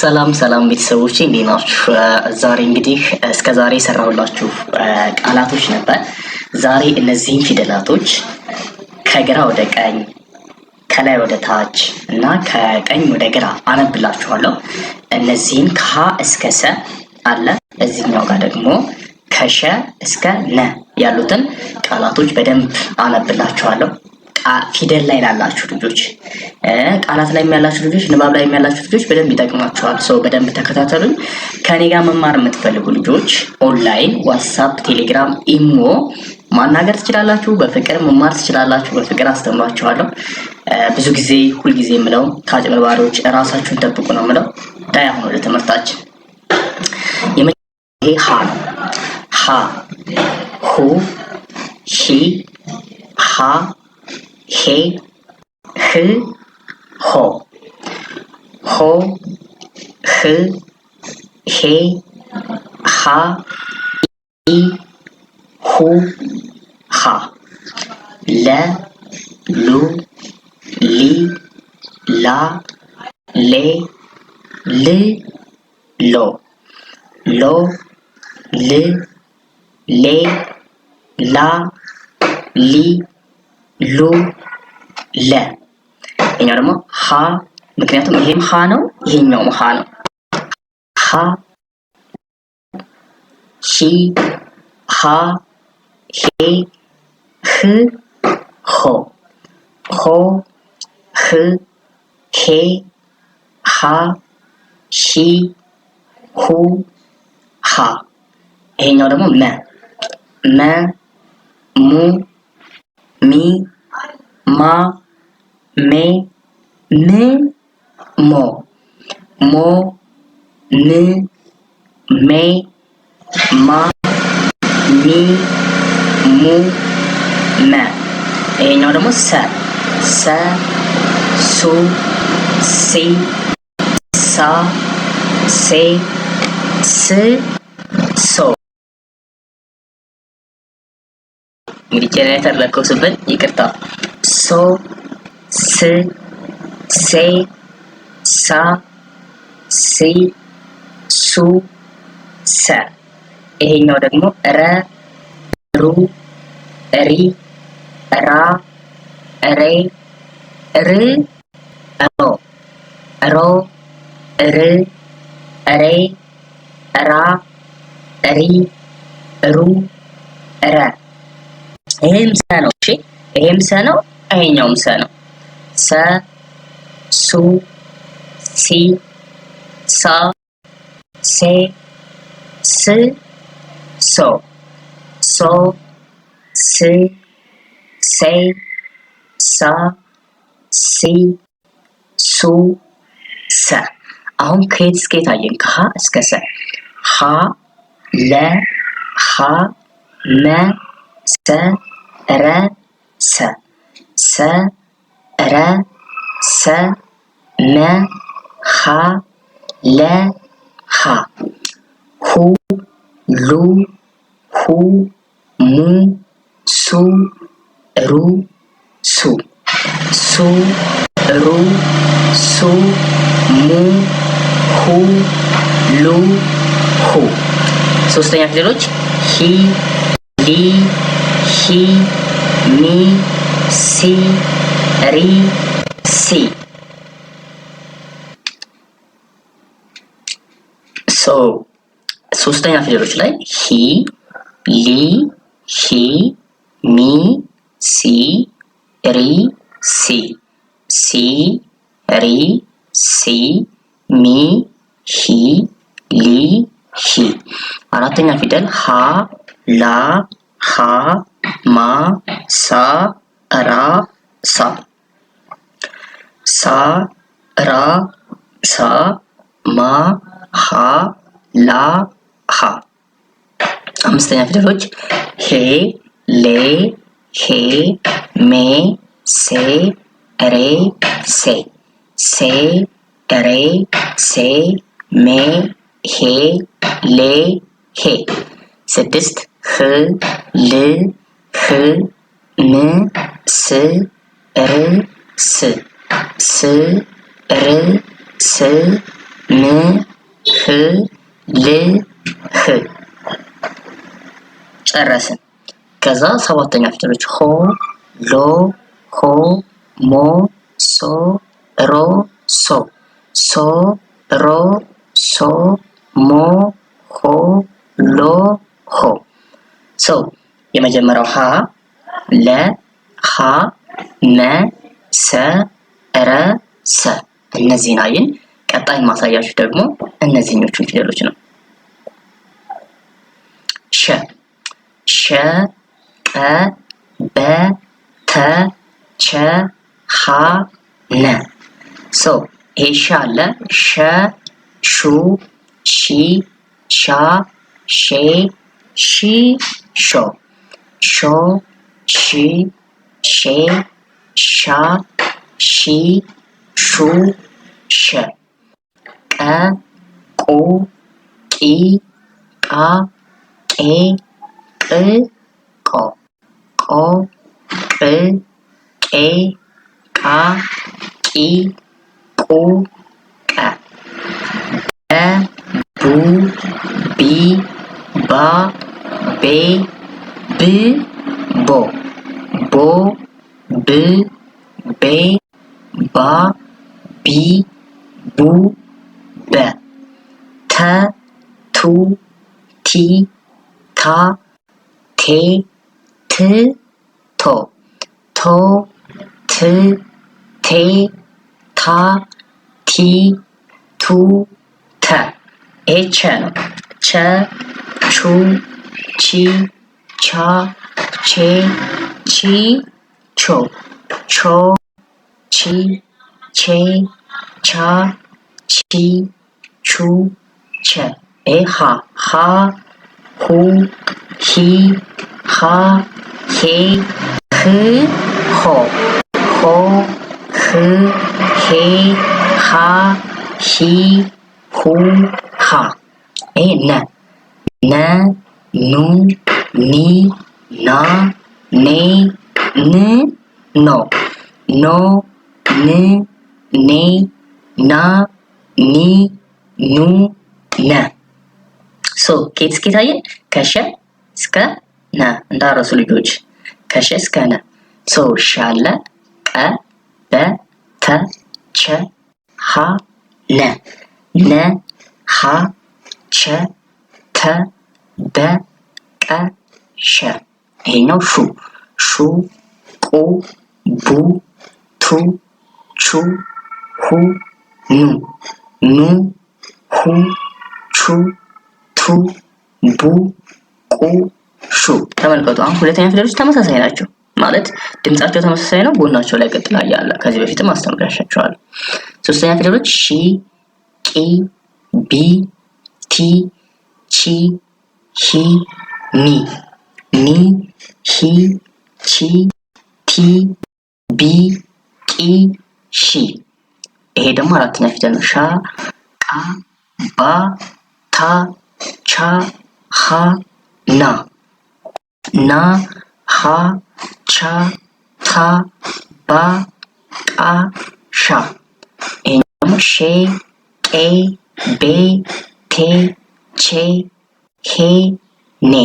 ሰላም ሰላም ቤተሰቦች እንዴት ናችሁ? ዛሬ እንግዲህ እስከ ዛሬ የሰራሁላችሁ ቃላቶች ነበር። ዛሬ እነዚህን ፊደላቶች ከግራ ወደ ቀኝ፣ ከላይ ወደ ታች እና ከቀኝ ወደ ግራ አነብላችኋለሁ። እነዚህን ከሀ እስከ ሰ አለ እዚህኛው ጋር ደግሞ ከሸ እስከ ነ ያሉትን ቃላቶች በደንብ አነብላችኋለሁ። ቃ ፊደል ላይ ላላችሁ ልጆች፣ ቃላት ላይ ያላችሁ ልጆች፣ ንባብ ላይ ያላችሁ ልጆች በደንብ ይጠቅማችኋል። ሰው በደንብ ተከታተሉኝ። ከኔ ጋር መማር የምትፈልጉ ልጆች ኦንላይን፣ ዋትሳፕ፣ ቴሌግራም፣ ኢሞ ማናገር ትችላላችሁ። በፍቅር መማር ትችላላችሁ። በፍቅር አስተምሯችኋለሁ። ብዙ ጊዜ ሁልጊዜ የምለው ከአጭበርባሪዎች ራሳችሁን ጠብቁ ነው የምለው። ዳይ አሁን ወደ ትምህርታችን ይሄ ሀ ነው። ሀ ሁ ሂ ሃ ሄ ህ ሆ ሆ ህ ሄ ሃ ሂ ሁ ሃ ለ ሉ ሊ ላ ሌ ል ሎ ሎ ል ሌ ላ ሊ ሉ ለ ይሄኛው ደግሞ ሀ ምክንያቱም ይሄም ሀ ነው፣ ይሄኛውም ሀ ነው። ሀ ሺ ሃ ሄ ህ ሆ ሆ ህ ሄ ሃ ሺ ሁ ሃ ይሄኛው ደግሞ መ መ ሙ ማ ሜ ም ሞ ሞ ም ሜ ማ ሚ ሙ መ ይሄኛው ደግሞ ሰ ሰ ሱ ሲ ሳ ሴ ስ ሶ मुझे जनरेटर लग खूबसूरत ये करता सो से से सा si su sa ይሄኛው ደግሞ ረ ሩ ሪ ራ ሬ ር ሮ ሮ ር ሬ ራ ሪ ሩ ረ ይሄም ሰ ነው። እሺ ይሄም ሰ ነው። ይሄኛውም ሰ ነው። ሰ ሱ ሲ ሳ ሴ ስ ሶ ሶ ስ ሴ ሳ ሲ ሱ ሰ። አሁን ከየት እስከ የት አየን? ከሀ እስከ ሰ ሀ ለ ሀ መ ሰ ረ ሰ ሰ ረ ሰ መ ኻ ለ ኻ ሁ ሉ ሁ ሙ ሱ ሩ ሱ ሱ ሩ ሱ ሙ ሁ ሉ ሁ ሶስተኛ ፊደሎች ሂ ሊ ሺ ሚ ሲ ሪ ሲ ሶ ሶስተኛ ፊደሎች ላይ ሂ ሊ ሂ ሚ ሲ ሪ ሲ ሲ ሪ ሲ ሚ ሂ ሊ ሂ አራተኛ ፊደል ሀ ላ ሃ मा सा रा सा सा रा सा मा हा ला हा हम से रोज हे ले हे मे से रे से से रे से मे हे ले हे सटिस्ट ह ल F, M, C, R, S. C, R, C, M, F, L, H. ጨረስን። ከዛ ሰባተኛ ፊደሎች ሆ፣ ሎ፣ ሆ፣ ሞ፣ ሶ፣ ሮ፣ ሶ፣ ሶ፣ ሮ፣ ሶ፣ ሞ፣ ሆ፣ ሎ፣ ሆ። ሰው የመጀመሪያው ሀ ለ ሀ መ ሰ ረ ሰ እነዚህን አይን ቀጣይ ማሳያችሁ ደግሞ እነዚህኞቹን ፊደሎች ነው። ሸ ሸ ቀ በ ተ ቸ ሀ ነ ሶ ይሄ ሻ አለ ሸ ሹ ሺ ሻ ሼ ሺ ሾ ሾ፣ ሺ፣ ሼ፣ ሻ፣ ሺ፣ ሹ፣ ሸ፣ ቀ፣ ቁ፣ ቂ፣ ቃ፣ ቄ፣ ቅ፣ ቆ፣ ቆ፣ ቅ፣ ቄ፣ ቃ፣ ቂ፣ ቁ፣ ቀ፣ በ፣ ቡ፣ ቢ፣ ባ፣ ቤ 빌보 보, 빌, 베, 바, 비, 부, 베 타, 투, 티, 타, 테, 트, 토 토, 트, 테, 타, 티, 투, 타 에천, 차, 추, 치, ቻ ቼ ቺ ቾ ቾ ቺ ቼ ቻ ቺ ቹ ቸ ኤ ሃ ሃ ሁ ሂ ሃ ሄ ህ ሆ ሆ ህ ሄ ሃ ሂ ሁ ሃ ኤ ነ ነ ኑ ኒ ና ኔ ን ኖ ኖ ን ኔ ና ኒ ኑ ነ ሶ ኬት እስኪ ታየን ከሸ እስከ ነ እንዳረሱ ልጆች ከሸ እስከ ነ ሶ ሻለ ቀ በ ተ ቸ ሀ ነ ነ ሀ ቸ ተ በ ቀ ሸ ይሄኛው ሹ ሹ ቁ ቡ ቱ ቹ ሁ ኑ ኑ ሁ ቹ ቱ ቡ ቁ ሹ። ተመልከቱ አሁን ሁለተኛ ፊደሎች ተመሳሳይ ናቸው ማለት ድምጻቸው ተመሳሳይ ነው። ጎናቸው ላይ ቀጥላ ያለ ከዚህ በፊትም አስተምራሻቸዋለሁ። ሶስተኛ ፊደሎች ሺ፣ ቂ፣ ቢ፣ ቲ፣ ቺ፣ ሂ፣ ኒ নি হি ছি ti, bi, ki, shi. Hidden olarak neften şa, ta, ba, ta, ça, ha, na. Na, ha, ça, ta, ba, ta, şa. Hidden şey, e, be, te, çe, he, ne.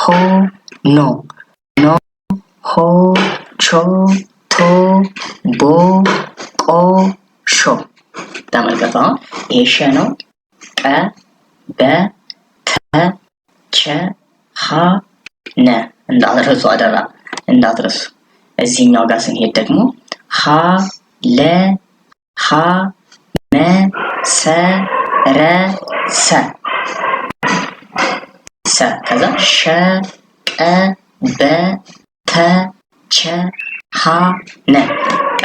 ሆ ኖ ኖ ሆ ቾ ቶ ቦ ቆ ሾ ተመልከቱ። አሁን ሸ ነው። ቀ በ ተ ቸ ሀ ነ እንዳትረሱ አደራ እንዳትረሱ። እዚህኛው ጋር ስንሄድ ደግሞ ሀ ለ ሀ መ ሰ ረ ሰ ሰ ከዛ ሸ ቀ በ ተ ቸ ሀ ነ።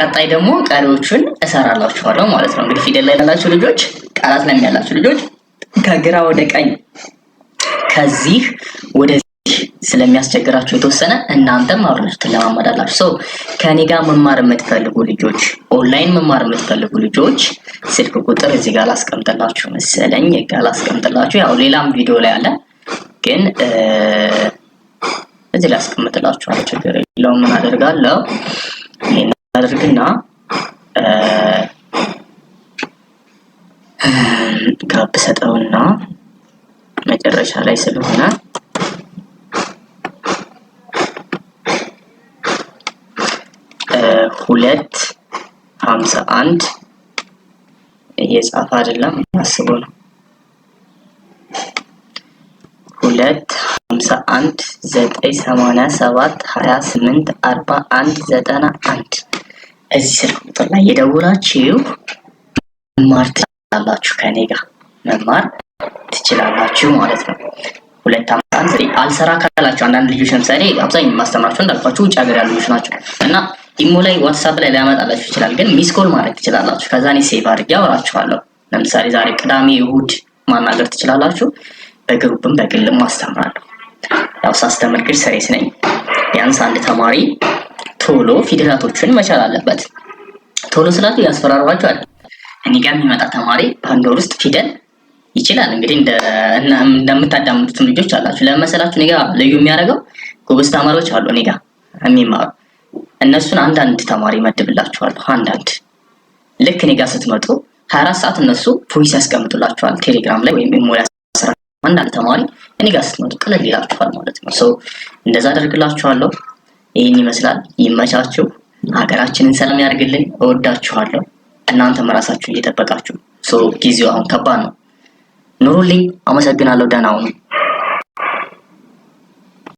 ቀጣይ ደግሞ ቀሪዎቹን እሰራላችኋለሁ ማለት ነው። እንግዲህ ፊደል ላይ ያላችሁ ልጆች ቃላት ላይ ያላችሁ ልጆች ከግራ ወደ ቀኝ ከዚህ ወደዚህ ስለሚያስቸግራችሁ የተወሰነ እናንተም አብራችሁ ትለማመዳላችሁ። ሰው ከኔ ጋር መማር የምትፈልጉ ልጆች፣ ኦንላይን መማር የምትፈልጉ ልጆች ስልክ ቁጥር እዚህ ጋር ላስቀምጥላችሁ መሰለኝ ጋር ላስቀምጥላችሁ። ያው ሌላም ቪዲዮ ላይ አለ ግን እዚህ ላይ አስቀምጥላችኋል። ችግር የለውም። ምን አደርጋለሁ ይህን አደርግና ጋብ ሰጠውና መጨረሻ ላይ ስለሆነ ሁለት ሀምሳ አንድ እየጻፈ አይደለም አስቦ ነው። ዘጠኝ ሰማንያ ሰባት ሀያ ስምንት አርባ አንድ ዘጠና አንድ እዚህ ስልክ ቁጥር ላይ የደውላችሁ መማር ትችላላችሁ። ከኔ ጋር መማር ትችላላችሁ ማለት ነው። ሁለት አምሳን አልሰራ ካላችሁ አንዳንድ ልጆች ለምሳሌ አብዛኛው የማስተምራችሁ እንዳልኳችሁ ውጭ ሀገር ያሉ ልጆች ናቸው እና ኢሞ ላይ ዋትሳፕ ላይ ሊያመጣላችሁ ይችላል። ግን ሚስኮል ኮል ማድረግ ትችላላችሁ። ከዛ እኔ ሴቭ አድርጌ አወራችኋለሁ። ለምሳሌ ዛሬ ቅዳሜ፣ እሁድ ማናገር ትችላላችሁ። በግሩፕም በግልም አስተምራለሁ። ያው ሳስተምር ግድ ሰሬስ ነኝ። ቢያንስ አንድ ተማሪ ቶሎ ፊደላቶችን መቻል አለበት። ቶሎ ስላቱ ያስፈራሯቸዋል። እኔ ጋር የሚመጣ ተማሪ በአንድ ወር ውስጥ ፊደል ይችላል። እንግዲህ እንደምታዳምጡትም ልጆች አላችሁ ለመሰላችሁ። እኔ ጋ ልዩ የሚያደርገው ጎበዝ ተማሪዎች አሉ እኔ ጋር የሚማሩ እነሱን አንዳንድ ተማሪ መድብላችኋለሁ። አንዳንድ ልክ እኔ ጋር ስትመጡ ሀያ አራት ሰዓት እነሱ ፎይስ ያስቀምጡላችኋል ቴሌግራም ላይ ወይም ኢሞ አንዳንድ ተማሪ እኔ ጋር ስትመጡ ቀለል ይላችኋል ማለት ነው። ሰው እንደዛ አደርግላችኋለሁ። ይህን ይመስላል። ይመቻችሁ። ሀገራችንን ሰላም ያደርግልን። እወዳችኋለሁ። እናንተም ራሳችሁ እየጠበቃችሁ ጊዜው አሁን ከባድ ነው። ኑሩልኝ። አመሰግናለሁ። ደህና ሁኑ።